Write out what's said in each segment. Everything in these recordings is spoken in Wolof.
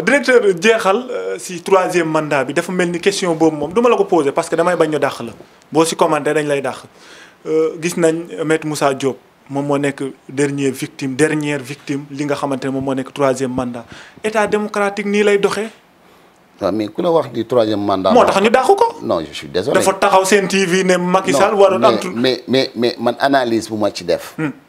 directeur jeexal euh, si troisième mandat bi dafa melni question bobu mom duma la ko posé parce que damay bañu dakh la bo si commandé dañ lay euh gis nañ maître Moussa Diop mom mo nek dernier victime dernière victime li nga xamantene mom mo nek nekk troisième mandat état démocratique ni lay doxé waaw ah, mais ku la wax di troisième mandat. motax ñu dakh ko. non je suis désolé dafa taxaw sen TV ne Macky Sall waroon mais mais mais man analyse bu ma ci def. Hmm.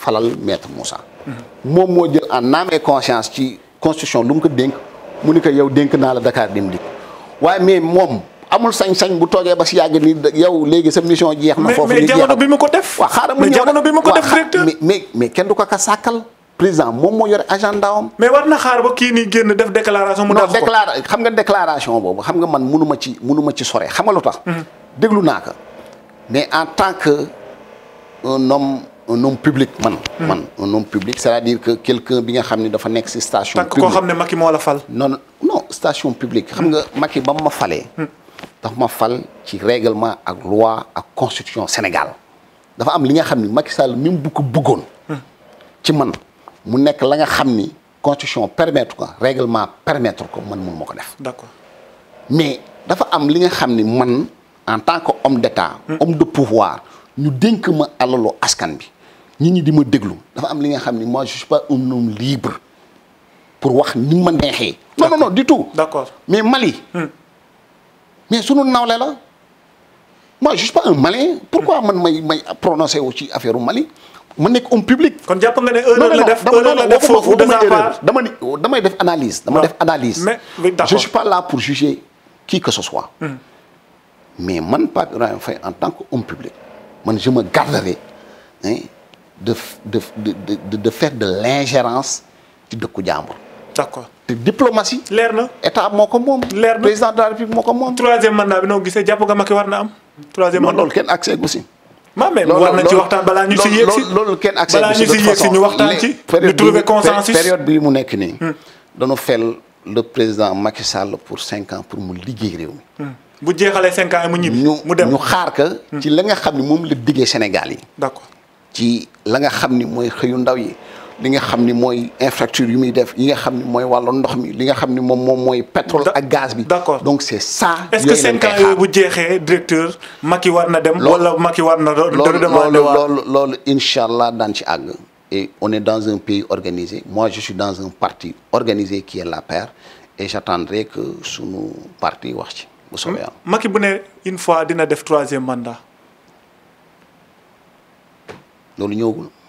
falal maître Moussa. mom mo jël en âme et conscience ci constitution lu ko denk mu ni ko yow denk na la Dakar Dem Dikk waaye mais mom amul sañ-sañ bu toogee ba si yàgg ni yow légui sa mission jeex na. foofu mais jamono bi mu ko def. wa xaaral ma jamono bi mu ko def directeur mais mais ken du ko ka sakal président mom mo yore agenda am. mais war na xaar ba kii nii génn def déclaration. mu def ko xam nga déclaration bobu xam nga man munu ci munu ci soré xam nga lu tax. Mhm. déglu naa ko mais en tant que un homme un homme public man. man un homme public c'est-à-dire que quelqu'un bi nga xam ne dafa nekk ci station. publique koo xam ne Macky la fal. non non station publique. xam nga Macky ba ma falee. Hmm. dafa ma fal ci règlement ak loi ak constitution Sénégal dafa am li nga xam Macky Sall même bu ko bëggoon. Hmm. ci man mu nek la nga xam constitution permettre quoi, règlement permettre ko man mon ma def. d'accord mais dafa am li nga man en tant qu'homme d'État. Hmm. homme de pouvoir ñu dénk ma alalu askan bi nit ñi di ma déglu Nous am li nga moi je suis pas un homme libre pour wax ni ma non non non du tout. d'accord mais Mali. Hmm. mais sunu nawle la. moi je suis pas un malin. pourquoi hmm. man may may prononcé wu ci affaire Mali. ma nekk un public. kon jàpp nga ne erreur la def erreur la def foofu de dama def analyse. dama def analyse. Je je suis pas là pour juger qui que ce soit. Hmm. mais man Pape en tant qu'homme public man je me garderai. Hein de de de de faire de l'ingérence de coup d'accord diplomatie. leer non état président de la république troisième mandat non Macky troisième mandat Nous aucun accès nous ci ñu nous accès période mu hmm. dañu nous le président Macky Sall pour cinq ans pour nous liggéey réew nous hmm. bu les cinq ans mu nous mu dem ñu xaar que hmm. ci la nga d'accord ci la nga xamni moy xeyu ndaw yi li nga xamni moy infrastructure yu mi def yi nga xamni moy mooy wàllu ndox mi li nga xamni mom mom moy pétrole ak gaz bi. d'accord donc c'est ça. est-ce que c'est cas yooyu bu jeexee directeur maki warna dem. wala maki warna na doon doon demandé waat loolu loolu ci àgg. et on est dans un pays organisé moi je suis dans un parti organisé qui est la l'APR et j'attendrai que sunu parti wax ci bu soobee Macky bu né une fois dina def 3e mandat. no linhogulo.